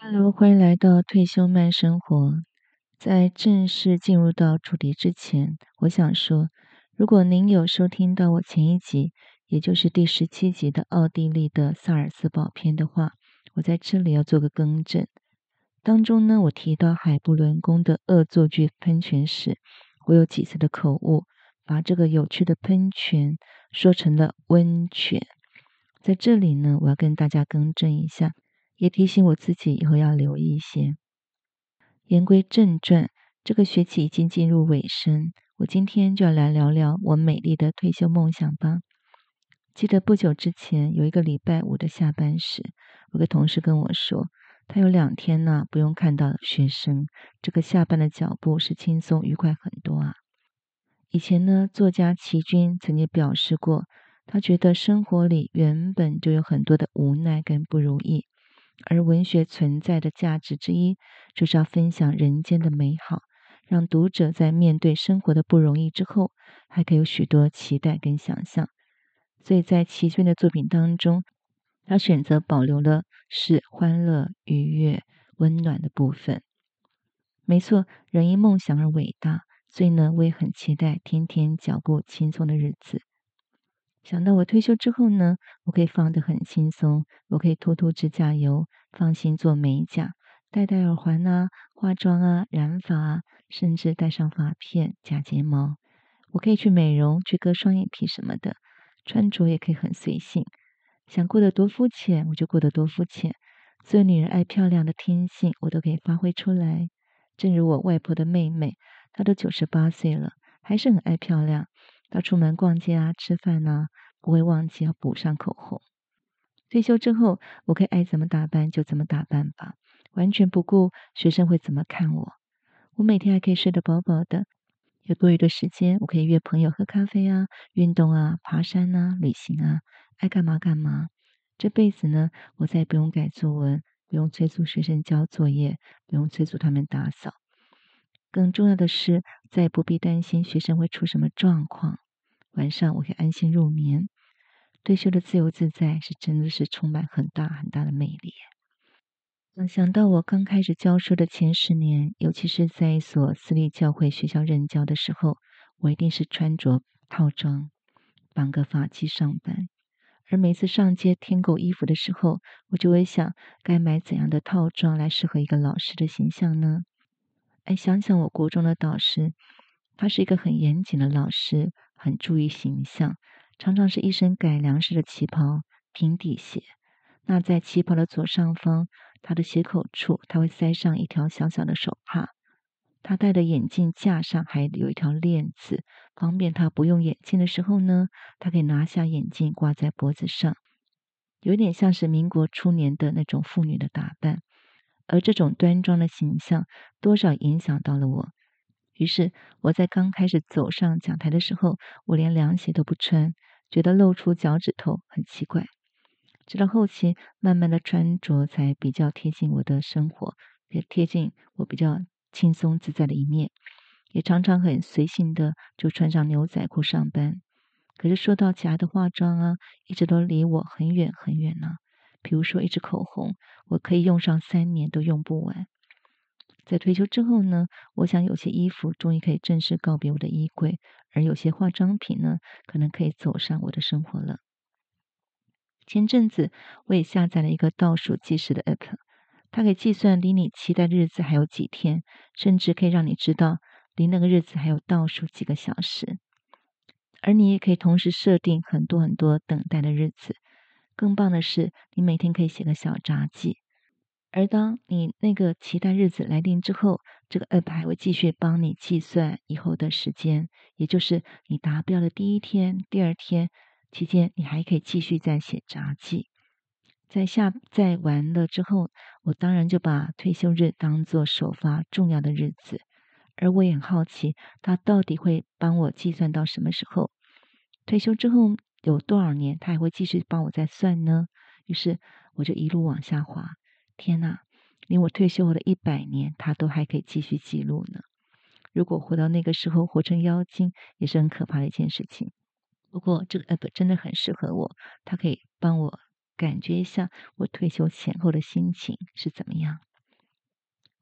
哈嘍，Hello, 歡迎來到退休慢生活。在正式進入到主題之前，我想說，如果您有收聽到我前一集，也就是第十七集的奧地利的薩爾斯堡篇的話，我在這裡要做個更正。當中呢，我提到海布倫宮的惡作劇噴泉時，我有幾次的口誤，把這個有趣的噴泉說成了溫泉。在這裡呢，我要跟大家更正一下。也提醒我自己以後要留意一些。言歸正傳，這個學期已經進入尾聲，我今天就要來聊聊我美麗的退休夢想吧。記得不久之前，有一個禮拜五的下班時，有個同事跟我說，他有兩天呢不用看到學生，這個下班的腳步是輕鬆愉快很多啊。以前呢，作家琦君曾經表示過，他覺得生活裡原本就有很多的無奈跟不如意。而文學存在的價值之一，就是要分享人間的美好，讓讀者在面對生活的不容易之後，還可以有許多期待跟想象。所以在齊駿的作品當中，他選擇保留了是歡樂、愉悅、溫暖的部分。沒錯，人因夢想而偉大，所以呢，我也很期待天天腳步輕鬆的日子。想到我退休之後呢，我可以放得很輕鬆，我可以塗塗指甲油，放心做美甲，戴戴耳環啊，化妝啊，染髮啊，甚至戴上髮片、假睫毛，我可以去美容，去割雙眼皮什麼的，穿着也可以很隨性，想過得多膚淺我就過得多膚淺，做女人愛漂亮的天性我都可以發揮出來。正如我外婆的妹妹，她都九十八歲了，還是很愛漂亮。到出門逛街啊、吃飯啊，不會忘記要補上口紅。退休之後，我可以愛怎麼打扮就怎麼打扮吧，完全不顧學生會怎麼看我。我每天還可以睡得飽飽的，有多餘的時間，我可以約朋友喝咖啡啊、運動啊、爬山啊、旅行啊，愛幹嘛幹嘛。這輩子呢，我再也不用改作文，不用催促學生交作業，不用催促他們打掃。更重要的是，再也不必擔心學生會出什麼狀況。晚上我可以安心入眠。退休的自由自在是真的是充滿很大很大的魅力。嗯，想到我剛開始教書的前十年，尤其是在一所私立教會學校任教的時候，我一定是穿着套裝，綁個髮髻上班。而每次上街添購衣服的時候，我就會想該買怎樣的套裝來適合一個老師的形象呢？哎，想想我國中的導師，他是一個很嚴謹的老師。很注意形象，常常是一身改良式的旗袍、平底鞋。那在旗袍的左上方，它的斜口處，他會塞上一條小小的手帕。他戴的眼鏡架上還有一條鏈子，方便他不用眼鏡的時候呢，他可以拿下眼鏡掛在脖子上，有點像是民國初年的那種婦女的打扮。而這種端莊的形象，多少影響到了我。於是我在剛開始走上講台的時候，我連涼鞋都不穿，覺得露出腳趾頭很奇怪。直到後期，慢慢的穿着才比較貼近我的生活，也貼近我比較輕鬆自在的一面。也常常很隨性的就穿上牛仔褲上班。可是說到其他的化妝啊，一直都離我很遠很遠呢啊。比如說一支口紅，我可以用上三年都用不完。在退休之後呢，我想有些衣服終於可以正式告別我的衣櫃，而有些化妝品呢，可能可以走上我的生活了。前陣子我也下載了一個倒數計時的 app，它可以計算離你期待的日子還有幾天，甚至可以讓你知道離那個日子還有倒數幾個小時。而你也可以同時設定很多很多等待的日子。更棒的是，你每天可以寫個小札記。而當你那個期待日子來臨之後，這個 App 還會繼續幫你計算以後的時間，也就是你達標的第一天、第二天期間，你還可以繼續再寫雜記。在下載完了之後，我當然就把退休日當做首發重要的日子，而我也很好奇，他到底會幫我計算到什麼時候？退休之後有多少年，他還會繼續幫我再算呢？於是我就一路往下滑。天吶，連我退休後的一百年，他都還可以繼續記錄呢。如果活到那個時候，活成妖精，也是很可怕的一件事情。不過這個 App 真的很適合我，它可以幫我感覺一下我退休前後的心情是怎麼樣。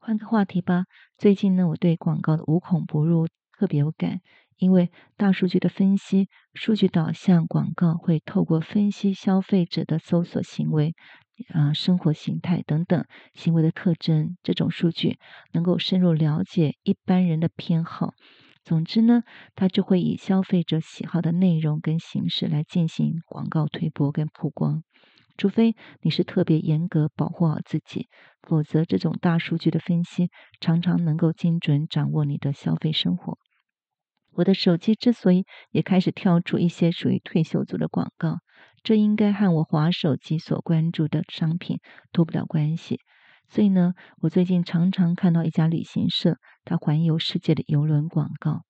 換個話題吧，最近呢，我對廣告的無孔不入特別有感。因為大數據的分析，數據導向廣告會透過分析消費者的搜索行為、啊、呃、生活形態等等行為的特徵，這種數據能夠深入了解一般人的偏好。總之呢，他就會以消費者喜好的內容跟形式來進行廣告推播跟曝光。除非你是特別嚴格保護好自己，否則這種大數據的分析常常能夠精準掌握你的消費生活。我的手機之所以也開始跳出一些屬於退休族的廣告，這應該和我滑手機所關注的商品脫不了關係。所以呢，我最近常常看到一家旅行社，它環遊世界的遊輪廣告，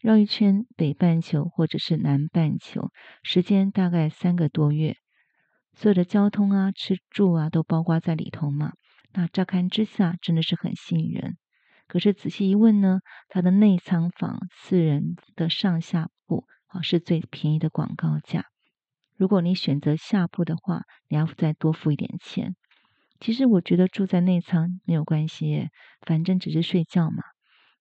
繞一圈北半球或者是南半球，時間大概三個多月，所有的交通啊、吃住啊都包括在裡頭嘛。那乍看之下，真的是很吸引人。可是仔細一問呢，它的內艙房四人的上下鋪啊是最便宜的廣告價。如果你選擇下鋪的話，你要再多付一點錢。其實我覺得住在內艙沒有關係，反正只是睡覺嘛。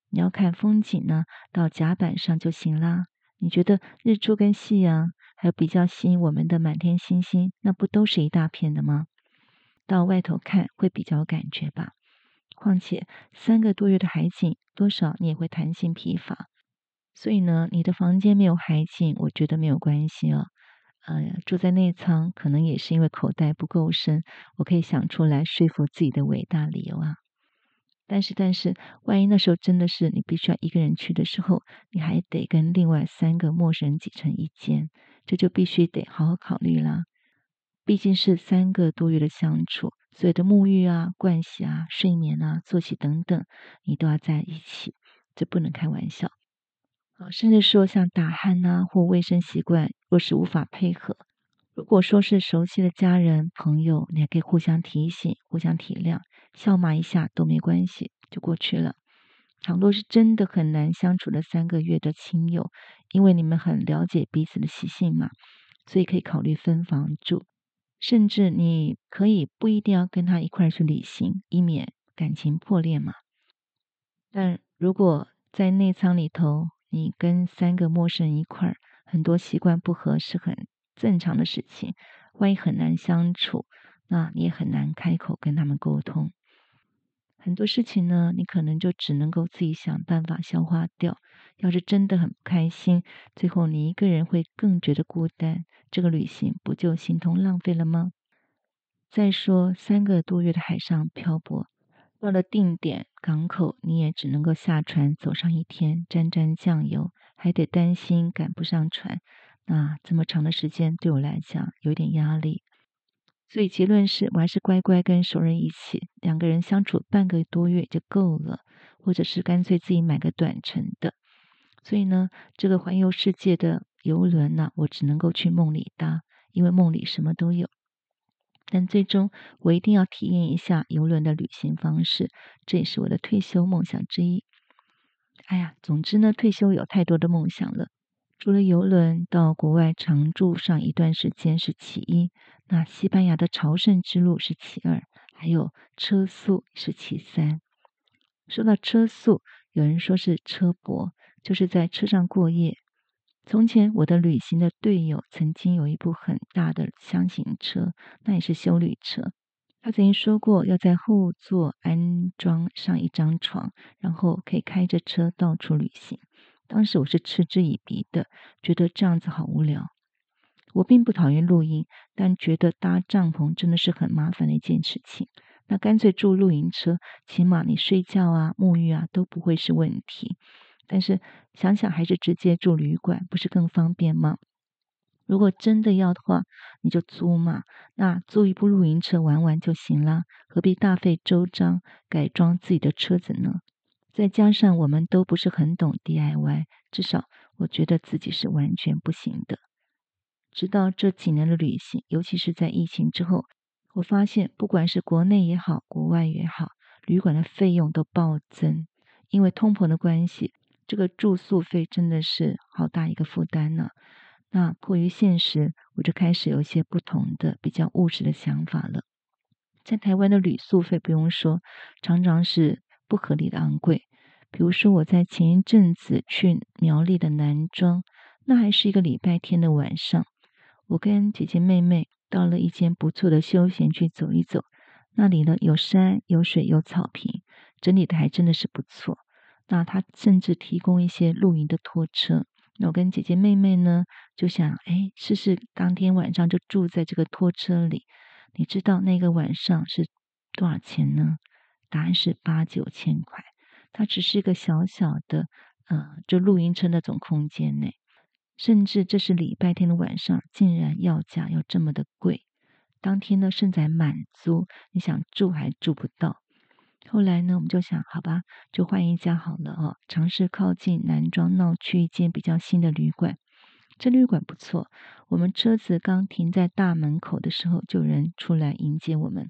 你要看風景呢，到甲板上就行啦。你覺得日出跟夕陽，還有比較吸引我們的滿天星星，那不都是一大片的嗎？到外頭看會比較有感覺吧。況且，三個多月的海景，多少你也會彈性疲乏。所以呢，你的房間沒有海景，我覺得沒有關係了哦。呀，呃，住在內艙可能也是因為口袋不夠深，我可以想出來說服自己的偉大理由啊。但是，但是，萬一那時候真的是你必須要一個人去的時候，你還得跟另外三個陌生人擠成一間，這就必須得好好考慮啦。畢竟是三個多月的相處，所有的沐浴啊、盥洗啊、睡眠啊、作息等等，你都要在一起，這不能開玩笑。甚至說像打鼾吶，或衛生習慣，若是無法配合，如果說是熟悉的家人朋友，你還可以互相提醒、互相體諒，笑罵一下都沒關係，就過去了。倘若是真的很難相處的三個月的親友，因為你們很了解彼此的習性嘛，所以可以考慮分房住。甚至你可以不一定要跟他一塊去旅行，以免感情破裂嘛。但如果在內艙裡頭，你跟三個陌生人一塊，很多習慣不合是很正常的事情。萬一很難相處，那你也很難開口跟他們溝通。很多事情呢，你可能就只能夠自己想辦法消化掉。要是真的很不開心，最後你一個人會更覺得孤單。這個旅行不就形同浪費了嗎？再說三個多月的海上漂泊，到了定點港口，你也只能夠下船走上一天，沾沾醬油，還得擔心趕不上船。那、啊、這麼長的時間對我來講有點壓力，所以結論是，我還是乖乖跟熟人一起，兩個人相處半個多月就夠了，或者是乾脆自己買個短程的。所以呢，這個環游世界的。遊輪呢、啊，我只能夠去夢裡搭，因為夢裡什麼都有。但最終，我一定要體驗一下遊輪的旅行方式，這也是我的退休夢想之一。哎呀，總之呢，退休有太多的夢想了。除了遊輪到國外常住上一段時間是其一，那西班牙的朝聖之路是其二，還有車宿是其三。說到車宿，有人說是車泊，就是在車上過夜。從前，我的旅行的隊友曾經有一部很大的箱型車，那也是休旅車。他曾經說過，要在後座安裝上一張床，然後可以開着車到處旅行。當時我是嗤之以鼻的，覺得這樣子好無聊。我並不討厭露營，但覺得搭帳篷真的是很麻煩的一件事情。那乾脆住露營車，起碼你睡覺啊、沐浴啊都不會是問題。但是想想還是直接住旅館不是更方便嗎？如果真的要的話，你就租嘛，那租一部露營車玩玩就行了，何必大費周章改裝自己的車子呢？再加上我們都不是很懂 DIY，至少我覺得自己是完全不行的。直到這幾年的旅行，尤其是在疫情之後，我發現不管是國內也好，國外也好，旅館的費用都暴增，因為通膨的關係。這個住宿費真的是好大一個負擔呢、啊。那迫於現實，我就開始有一些不同的，比較務實的想法了。在台灣的旅宿費不用說，常常是不合理的昂貴。比如說，我在前一陣子去苗栗的南莊，那還是一個禮拜天的晚上，我跟姐姐妹妹到了一間不錯的休閒區走一走。那裡呢，有山有水有草坪，整理的還真的是不錯。那他甚至提供一些露營的拖車，那我跟姐姐妹妹呢就想，哎，試試當天晚上就住在這個拖車裡。你知道那個晚上是多少錢呢？答案是八九千塊。它只是一個小小的，呃，就露營車那種空間內，甚至這是禮拜天的晚上，竟然要價要這麼的貴。當天呢，甚至還滿租，你想住還住不到。後來呢，我們就想，好吧，就換一家好了哈、哦，嘗試靠近南莊鬧區一間比較新的旅館。這旅館不錯，我們車子剛停在大門口的時候，就有人出來迎接我們。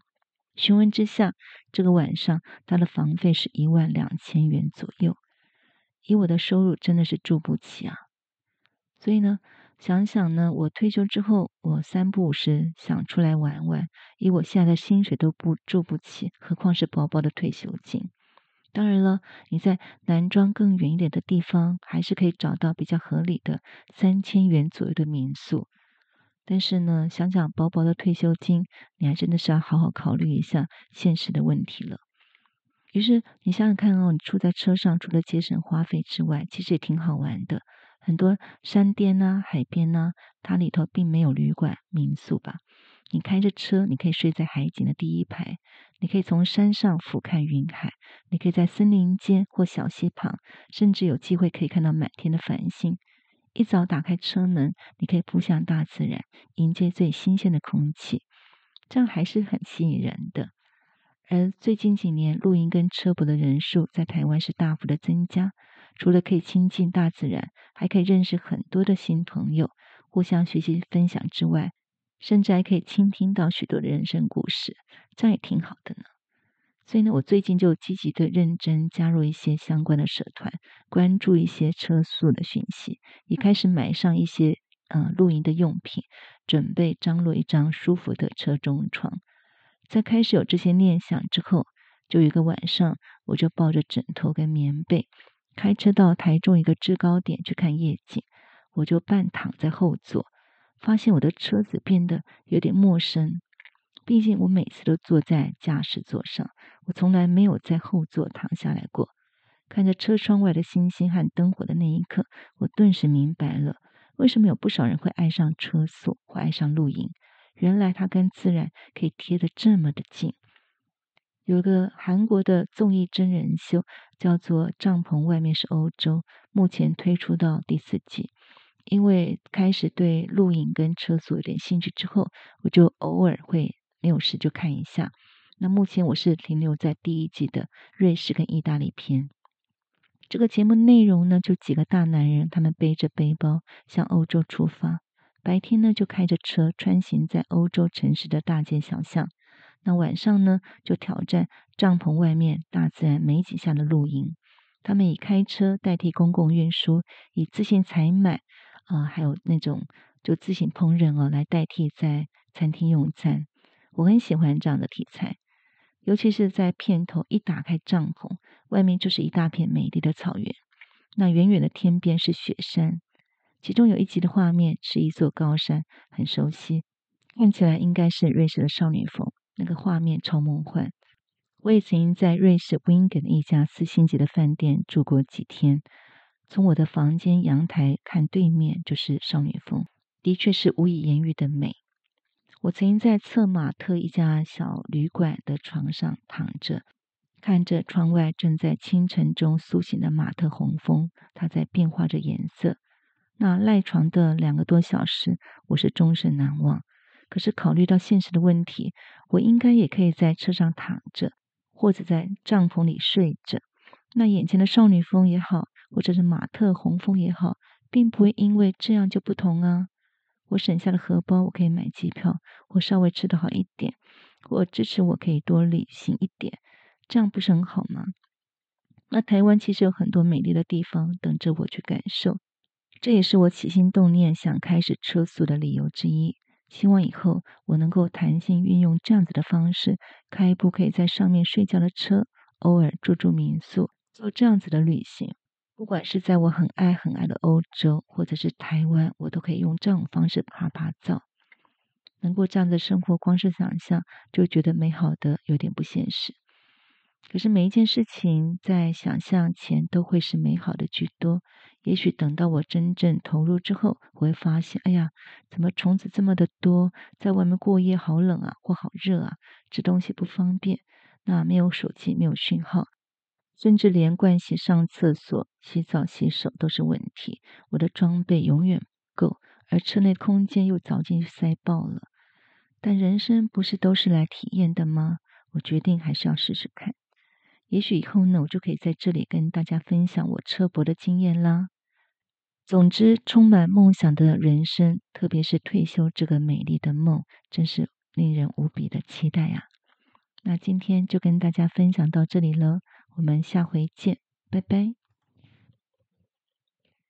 詢問之下，這個晚上他的房費是一萬兩千元左右，以我的收入真的是住不起啊。所以呢。想想呢，我退休之後，我三不五時想出來玩玩。以我現在的薪水都不住不起，何況是薄薄的退休金？當然了，你在南莊更遠一點的地方，還是可以找到比較合理的三千元左右的民宿。但是呢，想想薄薄的退休金，你還真的是要好好考慮一下現實的問題了。於是你想想看哦，你住在車上，除了節省花費之外，其實也挺好玩的。很多山巔啊、海邊呢、啊，它裡頭並沒有旅館、民宿吧？你開着車，你可以睡在海景的第一排，你可以從山上俯瞰雲海，你可以在森林間或小溪旁，甚至有機會可以看到滿天的繁星。一早打開車門，你可以撲向大自然，迎接最新鮮的空氣，這樣還是很吸引人的。而最近幾年，露營跟車泊的人數在台灣是大幅的增加。除了可以親近大自然，還可以認識很多的新朋友，互相學習分享之外，甚至還可以傾聽到許多的人生故事，這樣也挺好的呢。所以呢，我最近就積極地認真加入一些相關的社團，關注一些車宿的訊息，也開始買上一些嗯、呃、露營的用品，準備張羅一張舒服的車中床。在開始有這些念想之後，就有一個晚上，我就抱着枕頭跟棉被。開車到台中一個制高點去看夜景，我就半躺在後座，發現我的車子變得有點陌生。畢竟我每次都坐在駕駛座上，我從來沒有在後座躺下來過。看着車窗外的星星和燈火的那一刻，我頓時明白了為什麼有不少人會愛上車宿，或愛上露營。原來它跟自然可以貼得這麼的近。有一個韓國的綜藝真人秀叫做《帳篷外面是歐洲》，目前推出到第四季。因為開始對露營跟車宿有點興趣之後，我就偶爾會沒有事就看一下。那目前我是停留在第一季的瑞士跟意大利篇。這個節目內容呢，就幾個大男人他們背着背包向歐洲出發，白天呢就開着車穿行在歐洲城市的大街小巷。那晚上呢，就挑戰帳篷外面大自然美景下的露營。他們以開車代替公共運輸，以自行採買啊、呃，還有那種就自行烹飪哦，來代替在餐廳用餐。我很喜歡這樣的題材，尤其是在片頭一打開帳篷，外面就是一大片美麗的草原，那遠遠的天邊是雪山。其中有一集的畫面是一座高山，很熟悉，看起來應該是瑞士的少女峰。那個畫面超夢幻。我也曾經在瑞士溫格的一家四星級的飯店住過幾天，從我的房間陽台看對面就是少女峰，的確是無以言喻的美。我曾經在策馬特一家小旅館的床上躺着，看着窗外正在清晨中甦醒的馬特洪峰，它在變化着顏色。那賴床的兩個多小時，我是終身難忘。可是，考慮到現實的問題，我應該也可以在車上躺着，或者在帳篷裡睡着。那眼前的少女峰也好，或者是馬特洪峰也好，並不會因為這樣就不同啊。我省下的荷包，我可以買機票，我稍微吃得好一點，我支持我可以多旅行一點，這樣不是很好嗎？那台灣其實有很多美麗的地方等着我去感受，這也是我起心動念想開始車宿的理由之一。希望以後我能夠彈性運用這樣子的方式，開一部可以在上面睡覺的車，偶爾住住民宿，做這樣子的旅行。不管是在我很愛很愛的歐洲，或者是台灣，我都可以用這種方式趴趴走。能夠這樣的生活，光是想象就覺得美好的，有點不現實。可是每一件事情在想象前都會是美好的居多。也許等到我真正投入之後，我會發現，哎呀，怎麼蟲子這麼的多？在外面過夜好冷啊，或好熱啊，吃東西不方便。那沒有手機，沒有訊號，甚至連盥洗、上廁所、洗澡、洗手都是問題。我的裝備永遠不夠，而車內空間又早就塞爆了。但人生不是都是來體驗的嗎？我決定還是要試試看。也許以後呢，我就可以在這裡跟大家分享我車泊的經驗啦。總之，充滿夢想的人生，特別是退休這個美麗的夢，真是令人無比的期待啊。那今天就跟大家分享到這裡了，我們下回見，拜拜。